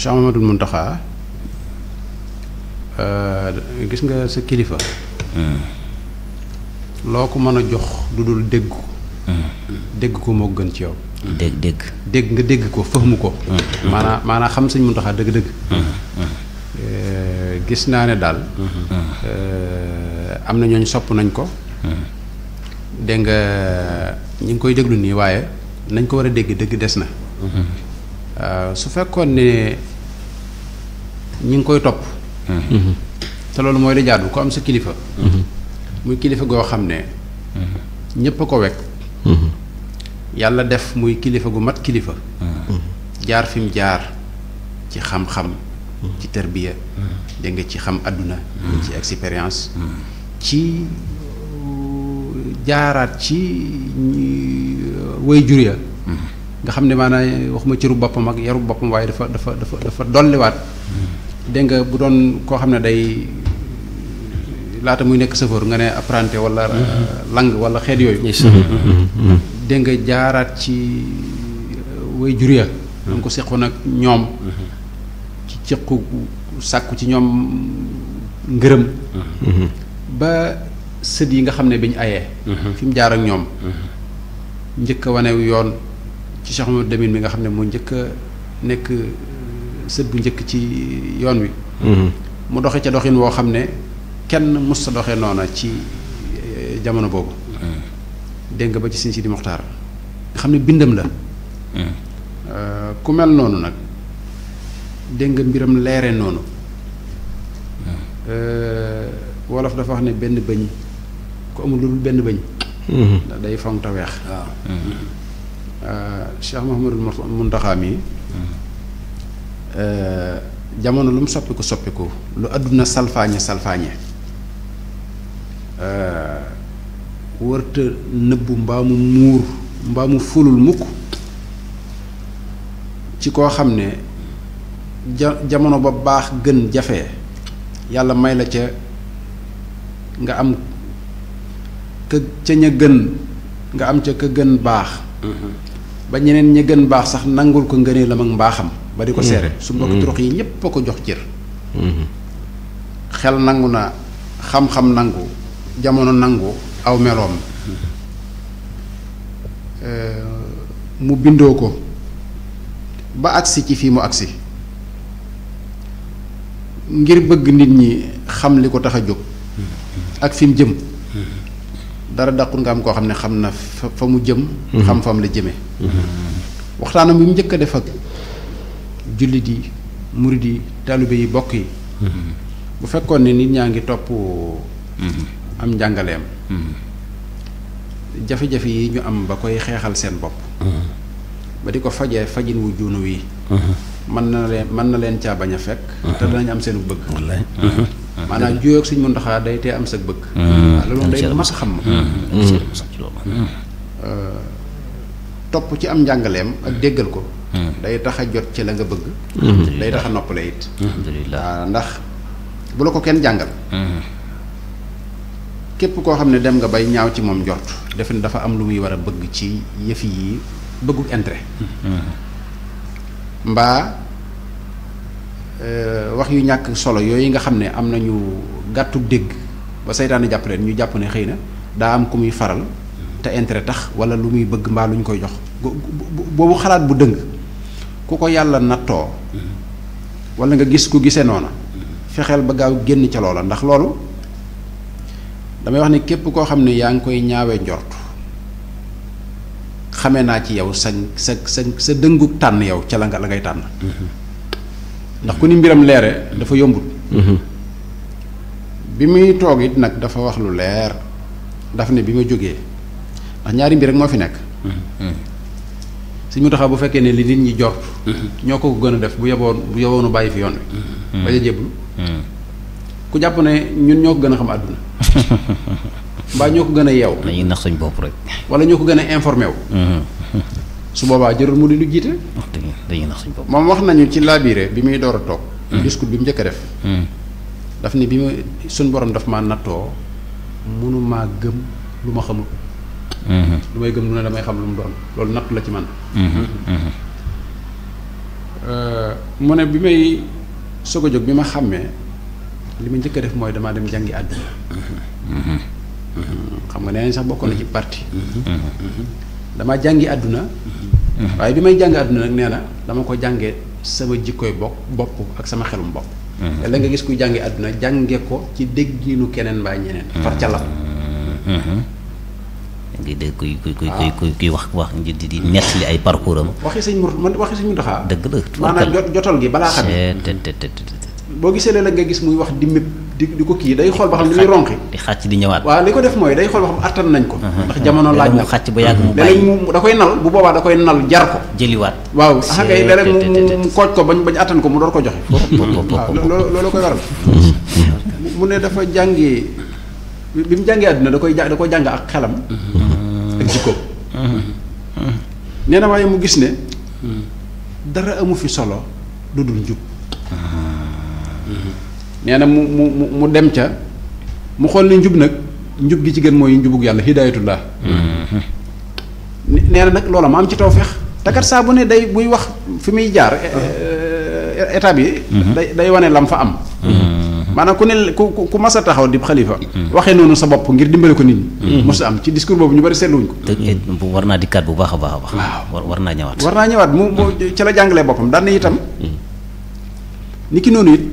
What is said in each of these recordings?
Cheikh Mamadou Mountakha euh, gis nga sa kilifa. Hmm. loo ko mën a jox lu dul dégg ko. Hmm. dégg ko moo gën ci yow. dégg dégg. nga dégg ko fahmu ko. maanaam hmm. maanaam xam sëñ Mountakha dëgg-dëgg. gis naa ne daal. Euh, am na ñooñ sopp nañ ko. dégg nga ñu ngi koy déglu nii waaye nañ ko war a dégg dëgg des na. Euh, su fekkoon ne ñi ngi koy topp. Mm-hmm. te loolu mooy li jaadu ko am sa kilifa. Mm-hmm. muy kilifa goo xam ne. Mm-hmm. ñëpp a ko wekk. yàlla def muy kilifa gu mat kilifa. jaar fi mu jaar ci xam-xam. ci tarbiya. dégg nga ci xam àdduna. ci expérience. ci euh, jaaraat ci euh, way jur ya nga xam ne maanaam waxuma cëru boppam ak yaru boppam waaye dafa dafa dafa dafa dolliwaat dégg nga bu doon koo xam ne day laata muy nekk chauffeur nga ne apprenti wala lang wala xeet yooyu mm-hmm. Mm-hmm. Mm-hmm. dégg nga jaaraat ci uh, way jur ya danga ko seqoon ñoom ci ci ñoom ngërëm ba sët yi nga xam ne bi ñu ayee fi mu jaar ak ñoom njëkk a wanew yoon ci Cheikh Mamadou Lamine nga xam ne moo njëkk nekk euh, sët bu njëkk ci yoon wi mm-hmm. mu doxe ca doxin woo xam ne kenn mës sa doxe noona ci euh, jamono boobu eh. dégg nga ba ci Sëñ Sidi nga xam ne bindam la eh. euh, ku mel noonu nag dégg nga mbiram leere noonu eh. wolof dafa wax ne benn bëñ ku amul lu dul benn bëñ ndax mm-hmm. fonk te weex ah. Euh, Cheikh Mouhamadul Mountakha mi hmm. euh, jamono lum mu soppiku soppiku lu àdduna salfaañe salfaañe euh, wërta nëbbu mbaa mu muur mbaa fulul mukk ci koo xam ne ja jamono ba baax gën jafe yàlla may la ca nga am ka ca ña gën nga am ca ka gën baax hmm. ba ñeneen ñi gën baax sax nangul ko ngënee la mag mbaaxam ba di ko mm-hmm. seere su mbokk mm-hmm. turux yi ñépp a ko jox cër mm-hmm. xel nangu na xam-xam nangu jamono nangu aw meloom euh, mu bindoo ko ba agsi ci fii mu agsi ngir bëgg nit ñi xam li ko tax a jóg ak fim jëm dara dàqul nga am koo xam ne xam na fa mu jëm mhm. xam fam la jëmee mhm. waxtaanam bi mu njëkk a def ak jullit yi murid yi taalibe yi bokk yi mhm. bu fekkoon ne nit ñaa ngi topp am njàngaleem jafe-jafe yi ñu am ba koy xeexal seen bopp ba di ko fajee fajin wu juunu wi mën na leen mën na leen caa bañ a fekk te danañ am seenu bëgg maanaam juyoo ak sëñ Muntaxa day tee am sag bëgg mm. topp ci am njàngaleem ak déggal ko day tax jot ci la nga bëgg day tax a noppale it waaw ndax bu la ko kenn jàngal képp koo xam ne dem nga bay ñaaw ci moom njort defe ne dafa am lu muy war bëgg ci yëf yi bëggu intérêt mbaa Euh, wax yu ñàkk solo yooyu nga xam ne am nañu gàttu dégg ba seytaane jàpp leen ñu jàpp ne xëy na daa am ku muy faral te intérêt tax wala lu muy bëgg mbaa lu ñu koy jox boobu xalaat bu dëng ku ko yàlla nattoo wala nga gis ku gisee noona fexeel ba gaaw génn ca loola ndax loolu damay wax ni képp koo xam ne yaa ngi koy ñaawe njort xamee naa ci yow sa sa sa sa dëngug tànn yow ca la nga la ngay tànn mm-hmm. ndax ku ni mbiram leere dafa yombut mhm. bi muy toogit nag dafa wax lu leer daf ne bi ma jógee ndax ñaari mbir rek moo fi nekk mhm. suñu taxaw bu fekkee ne li nit ñi jort mhm. ñoo ko gën a def bu yeboon bu yeboonu bàyyi fi yoon wi bañ a jéblu ku jàpp ne ñun ñoo ko gën a xam àdduna mbaa ñoo ko gën a yeew dañuy nax sañ bopp rek wala ñoo ko gën a informé wu su boobaa jërul mu di lu jiite. suñ bopp. moom wax nañu ci labiré bi muy door a toog. Hmm. discours bi mu njëkk a def. Hmm. daf ni bi ma suñ borom daf maa nattoo mënumaa gëm lu ma xamul. Hmm. lu may gëm lu ne damay xam lu mu doon loolu nattu la ci man. Euh, mu ne bi may soog a bi ma xàmmee li ma njëkk def mooy damaa dem jàngi àdduna. xam nga nee nañ sax bokkoon na ci parti. dama jàngi àdduna mm-hmm. waaye bi may jàng àdduna nag nee na dama ko jàngee sama jikkooy bopp bopp ak sama xelum bopp te mm-hmm. la nga gis kuy jàngi àdduna jànge ko ci dégginu keneen mbaa ñeneen far ca la di mm-hmm. dégg ah. kuy kuy wax wax di di nettali ay parcours am. waxi sëñ Mour man waxi sëñ Mountakha. dëgg la maanaam jotol gi balaa xam. Eh, boo gisee léeg-léeg nga gis muy wax di mépp di di ko kii day xool ba xam ni muy ronqi di xàcc di ñëwaat waaw li ko def mooy day xool ba xam attan nañ ko uh-huh. ndax jamono laaj na xàcc ba yàgg mu bàyyi da koy nal bu boobaa da koy nal jar ko jëliwaat waaw axa kay léeg-léeg mu kooj ko bañ bañ àttan ko mu door ko joxe waaw loolu koy waral mu ne dafa jàngi bi mu jàngee àdduna da koy da ko jàng ak xelam mm-hmm. ak jikko mm-hmm. nee na waaye mu gis ne mm-hmm. dara amu fi solo lu dul njub ah. nee na mu mu mu dem ca mu xool ne njub nag njub gi ci gën mooy njubug yàlla hidaayatullah mm-hmm. nee na nag loola ma am ci taw te kat saa bu ne day buy wax fi muy jaar e, e, e, état bi mm-hmm. day day wane lam fa am mm-hmm. maanaam ku ne ku ku mas a taxaw di xalifa waxee noonu sa bopp ngir dimbale ko nit ñi mos am ci discours boobu ñu bari seetluwuñ ko eh, war naa dikkaat bu baax a baax a baax waaw war naa ñëwaat war naa ñëwaat mu ci la jàngalee boppam daan na itam ni ki noonu it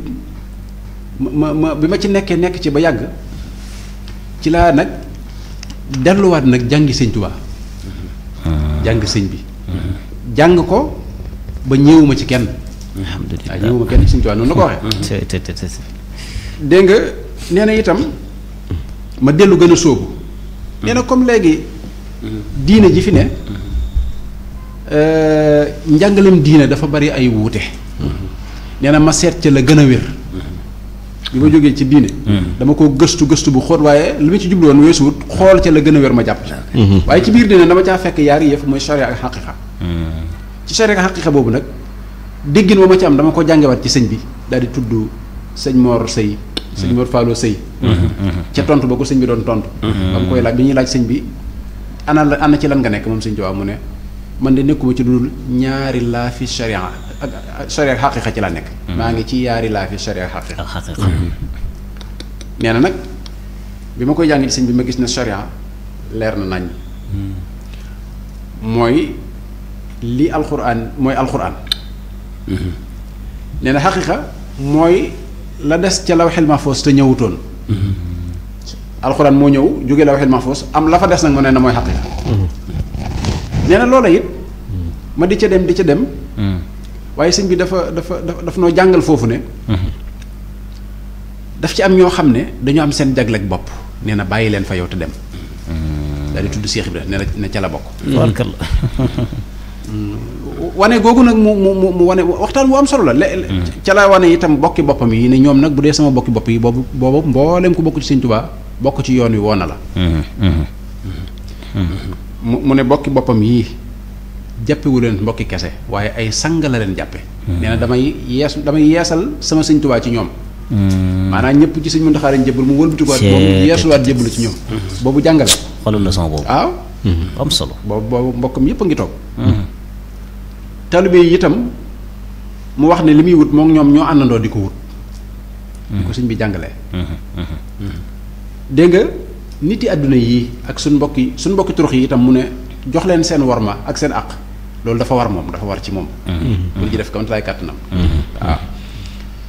ma ma bi ma ci nekkee nekk ci ba yàgg ci laa nag delluwaat nag jàngi sëñ Tuubaa ah. jàng sëñ bi mm-hmm. jàng ko ba ñëwuma ci kenn alhamdulilah waaw ah, ñëwuma kenn ci sëñ Tuubaa noonu la ko waxee mm-hmm. dégg nga nee na itam ma dellu gën a sóobu nee na comme léegi mm-hmm. diina ji fi ne euh, njàngalem diina dafa bari ay wuute nee na ma seet ca la gën a wér bi ma jógee ci diine. Hmm. dama ko gëstu gëstu bu xóot waaye li ma ci jublu woon xool ca la gën a wér ma jàpp ci. Hmm. Hmm. waaye ci biir diine dama caa fekk yaari yëf mooy charia ak xaqiqa. ci charia ak xaqiqa boobu nag déggin wa ma ci am dama ko jàngewaat ci sëñ bi daal di tudd sëñ Mor Sëy. sëñ Mor Fallou Sëy. ca tontu ba ko sëñ bi doon tontu. ba mu koy laaj bi ñuy laaj sëñ bi ana la ci lan nga nekk moom sëñ Tuubaa mu ne man de nekkuma ci lu dul ñaari laa fi charia. ak sharia ak xaqiqa ci laa nekk. Hmm. maa ngi ci yaari laa fi sharia ak xaqiqa. na nag bi ma koy jàng ci bi ma gis ne sharia leer na nañ. Hmm. mooy li alxuraan mooy alxuraan. Hmm. nee na xaqiqa mooy la des ca lawhil mahfuz te ñëwutoon. alxuraan moo ñëw jóge lawhil mahfuz am la fa des nag mu ne na mooy xaqiqa. nee loola it ma di ca dem di ca dem. waaye sëñ bi dafa dafa daf noo jàngal foofu ne. Mhm. daf ci am ñoo xam ne dañoo am seen jagleeg bopp nee na bàyyi leen fa yow te dem. Mhm. daal di tudd Cheikh Ibrahima ne na ca la bokk. Mhm. wane googu nag mu mu mu wane waxtaan bu am solo la. le ca la wane itam bokki boppam yi ne ñoom nag bu dee sama bokki bopp yi boobu boobu mbooleem ku bokk ci sëñ Tuubaa bokk ci yoon wi won a la. mu ne bokki boppam yii. jàppewu leen mbokki kese waaye ay sang la leen jàppe hmm. nee na damay yees damay yeesal sama sëñ Tuubaa ci ñoom hmm. maanaam ñëpp ci sëñ Muntaxa lañ jëbbal mu wëlbatikuwaat moom yeesuwaat jëbbalu ci ñoom hmm. boobu jàngale xoolal la son boobu waaw am solo boobu boobu yëpp a ngi toog taalibe itam mu wax ne li muy wut moom ñoom ñoo àndandoo di ko wut di bi jàngalee dégg nga nit yi àdduna yii ak suñ mbokki suñ mbokki turux yi itam mu ne jox leen seen worma ak seen àq loolu dafa war moom dafa war ci moom. Mm-hmm. Mm-hmm. mun ci def comme tay kàttanam. Mm-hmm.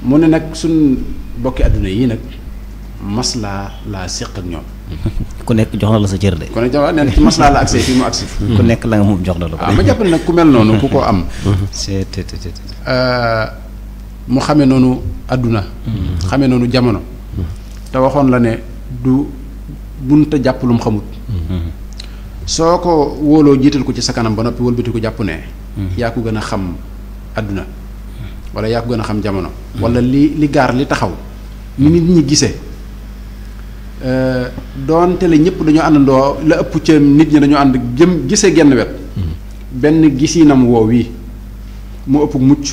mu ne nag suñ bokki àdduna yi nag maslaa laa séq ak ñoom. ku nekk jox na la sa cër de. ku jox na la ci maslaa la accès fii mu nekk la nga moom jox na la ko. waaw ah, ma jàpp nag ku mel noonu ku ko am. c'est euh, mu xamee noonu àdduna. xamee noonu jamono. te waxoon la ne du bunta jàpp lum mu xamut. soo ko wóoloo jiital ko ci sa kanam ba noppi wëlbati ko jàpp ne. Hmm. yaa ko gën a xam àdduna hmm. wala yaa ko gën a xam jamono. Hmm. walla li li gaar li taxaw. ni nit ñi gise euh, doonte la ñëpp dañoo àndandoo la ëpp ca nit ñi dañoo ànd jëm gisee genn wet. benn gisiinam woow wi mu ëpp mucc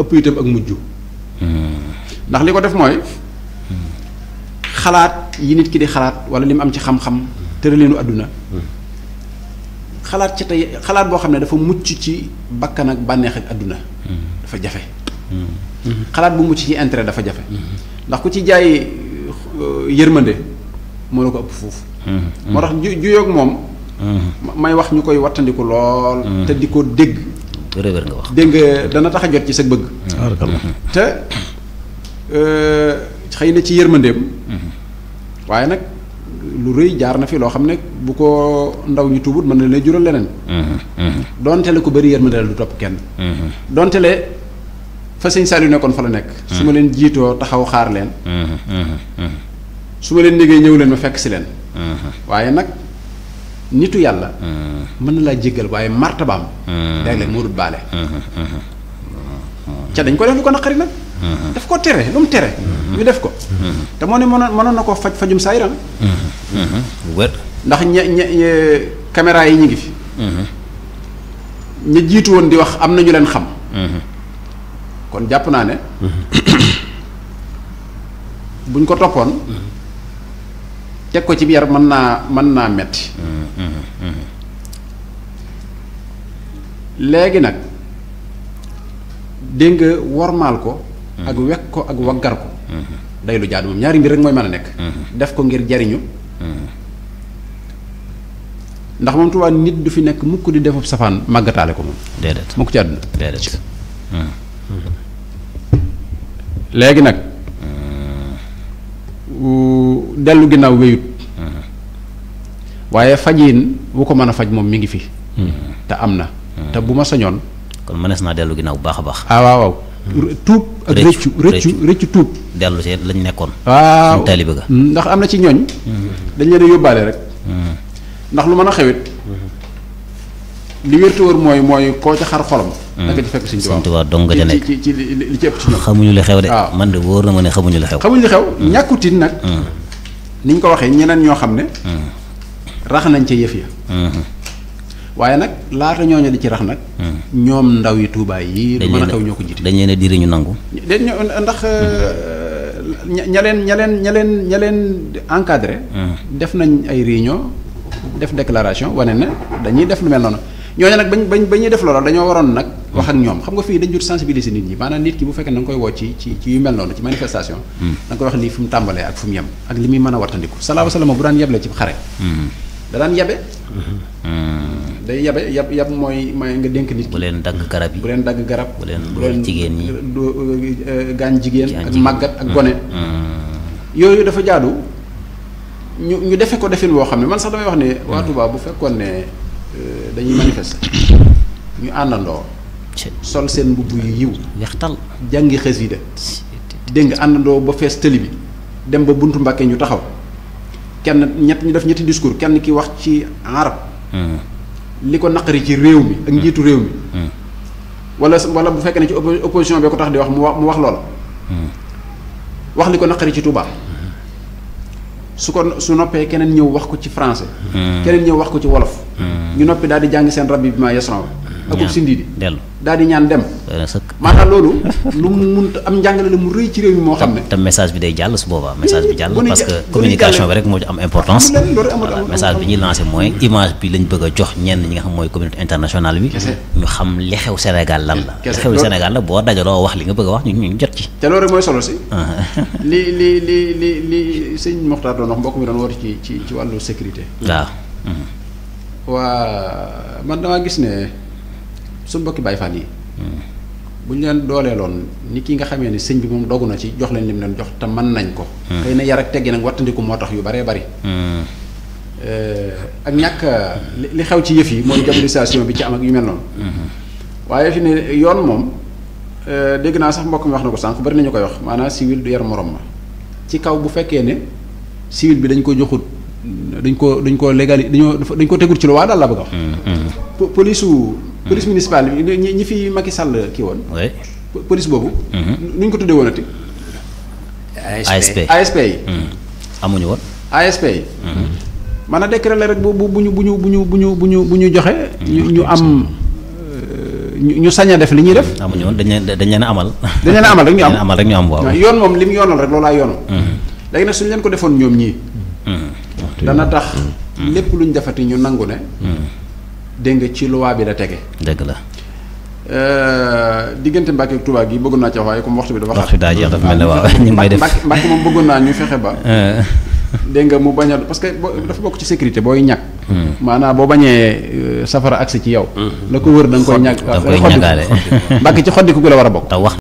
ëpp itam ak mujj. ndax li ko def mooy xalaat yi nit ki di xalaat wala li mu am ci xam-xam. tëraleenu àdduna xalaat ci tey xalaat boo xam ne dafa mucc ci bakkan ak bànneex ak àdduna dafa jafe xalaat bu mucc ci intérêt dafa jafe ndax ku ci jaay euh, yërmande moo la ko ëpp foofu moo tax ju juyoog moom may wax ñu koy wattandiku lool te di ko dégg nga wax dégg dana tax a jot ci sa bëgg te euh, xëy na ci yërmandeem waaye nag lu rëy jaar na fi loo xam ne bu ko ndaw ñu tuubut mën na leen jural leneen. Mm-hmm. donte le ku bëri yërmande la du topp kenn. Mm-hmm. donte le fa sëñ yu nekkoon fa la nekk. su ma mm-hmm. leen jiitoo taxaw xaar leen. su ma leen négee ñëw leen ma fekk si leen. waaye nag nitu yàlla. mën na laa jéggal waaye martabaam. léeg-léeg moo dut baale. ca dañ ko def lu ko naqari nag. Mm-hmm. def ko tere lu mu tere. Mm-hmm. ñu def ko. Mm-hmm. te moo ne mënoon mënoon na koo faj fajum saa yaram. wër. ndax ña ña caméra yi ñu ngi fi. ña jiitu woon di wax am na ñu leen xam. kon jàpp naa ne. buñ ko toppoon. teg ko ci biir mën naa mën naa metti léegi nag dégg nga wormaal ko ak wekk ko ak waggar ko mm-hmm. day lu jaadu moom ñaari mbir rek mooy mën a nekk mm-hmm. def ko ngir jariñu mm-hmm. ndax moom Tuubaa nit du fi nekk mukk di defub safaan màggataale ko moom déedéet mukk ci àdduna léegi nag dellu ginnaaw wéyut waaye fajiin wu ko mën a faj moom mi ngi fi te am na te bu ma sañoon kon mënees naa dellu ginnaaw bu baax a baax ah tuub ak rëccu rëccu rëccu tuub dellu ci lañ nekkoon waaw taalibe ga ndax am na ci ñooñ dañ leen a yóbbaale rek mm-hmm. ndax lu mën a xewit mm-hmm. li wér te wër mooy mooy koo ca xar xolam mm-hmm. da nga ci fekk Sëñ Tuubaa ci xamuñu li xew de man de wóor na ma ne xamuñu li xew xamuñu li xew ñàkkutin nag ni ñu ko waxee ñeneen ñoo xam ne rax nañ ca yëf ya waaye nag laata ñooñu di ci rax nag. Hmm. ñoom ndaw yi tuubaay yi. dañ leen a xew ñoo ko jiite dañu leen a diri ñu nangu. ndax hmm. euh, ña leen ña leen ña leen ña leen encadré. Hmm. def nañ ay réunion def déclaration wane ne dañuy def lu mel noonu ñooñu nag bañ bañ bañuy def loolu dañoo waroon nag. wax ak ñoom xam nga fii dañ jot sensibiliser nit ñi maanaam nit ki bu fekkee da nga koy woo ci ci ci yu mel noonu ci manifestation. da nga koy wax lii fu tàmbalee ak fu mu yem ak li muy mën a wattandiku salaahu salaam bu daan yeble ci xare. da daan yebe. day yabe yab yab mooy may nga dénk nit ki. bu leen dagg garab yi bu leen dagg garab. bu leen loolu jigéen ñi du euh, gaañ jigéen. ak màggat ak mm. gone. Mm. yooyu dafa jaadu ñu ñu defe ko defin boo xam ne man sax damay wax ne. waa mm. bu fekkoon ne euh, dañuy manifester ñu àndandoo. sol seen mbubb yu yiw. wextal jàngi xasida dégg nga àndandoo ba fees tëli bi dem ba buntu Mbàkke ñu taxaw kenn ñett ñu def ñetti discours kenn ki wax ci arab li ko naqari ci réew mi ak hmm. njiitu réew mi hmm. wala wala bu fekkee ne ci opposition bee ko tax di wax mu wax mu wax loola hmm. wax li ko naqari ci tubaa su ko su noppee keneen ñëw wax ko ci français keneen ñëw wax ko ci wolof ñu noppi daal di jàng seen rabbi bi ma yasraw akub sindiidi dellu daal di ñaan dem euh, maanaam loolu lu mu mun am njàngale la mu rëy ci réew mi moo xam ne te message bi day jàll su booba message bi jàll parce que communication bi moo am importance message bi ñuy lancé mooy image bi lañ bëgg a jox ñenn ñi nga xam mooy communauté internationale bi ñu xam li xew Sénégal lan la li xew Sénégal la boo dajaloo wax li nga bëgg wax ñu ñu jot ci te loolu rek mooy solo si ah. li li li li li sëñ Moxtaar doon wax mbokk mi doon woote ci ci ci wàllu sécurité waaw waa man gis ne su mbokki Baay Faal yi hmm. bu ñu leen dooleeloon nit ki nga xamee ne sëñ bi moom dogu na ci jox leen lim leen jox te man nañ ko hmm. xëy na yar ak teggi nag wattandiku moo tax yu baree bari hmm. eh, ak ñàkk li xew ci yëf yi mooy diabolisation bi ci am ak yu mel noonu waaye fi ne yoon moom eh, dégg naa sax mbokk mi wax na ko sànq bari nañu koy wax maanaa civil du yar morom ma ci kaw bu fekkee ne civil bi dañ ko joxut dañ ko dañ koo légali dañoo dañ ko tegul ci lu waa daal la bëgg a wax. Mm, mm. police su. Mm. police municipale bi ñi ñi fi Macky Sall kii woon. police boobu. Mm-hmm. nuñ ko tuddee woonati. ASP ASP yi. amuñu woon. ASP yi. Mm-hmm. maanaam décret la rek bu bu ñu bu ñu bu ñu bu ñu bu ñu bu ñu joxe. Mm-hmm. ñu ñu am euh, ñu sañ a def li ñuy def. amuñu woon dañ leen dañ leen amal. dañ leen amal rek ñu am amal rek ñu am waaw. yoon moom li mu yoonal rek loolaa yoon. léegi nag suñ leen ko defoon ñoom ñii. dana tax lépp luñ defati ñu nangu ne hmm. dégg nga ci luwaa bi la tege dëgg la euh, diggante Mbàkke ak Touba gi bëggoon naa waaye comme waxtu bi dafa xat waxtu daa jeex dafa mel ne ah, waaw ñu may def Mbàkke moom bëggoon naa ñu fexe ba euh. dégg nga mu bañ a parce que dafa bokk ci sécurité booy ñàkk hmm. maanaa boo bañee euh, safara agsi ci yow hmm. la ko wër da nga koy ñàkk da nga koy ñàkkaale Mbàkke ci xoddiku gi la war a bokk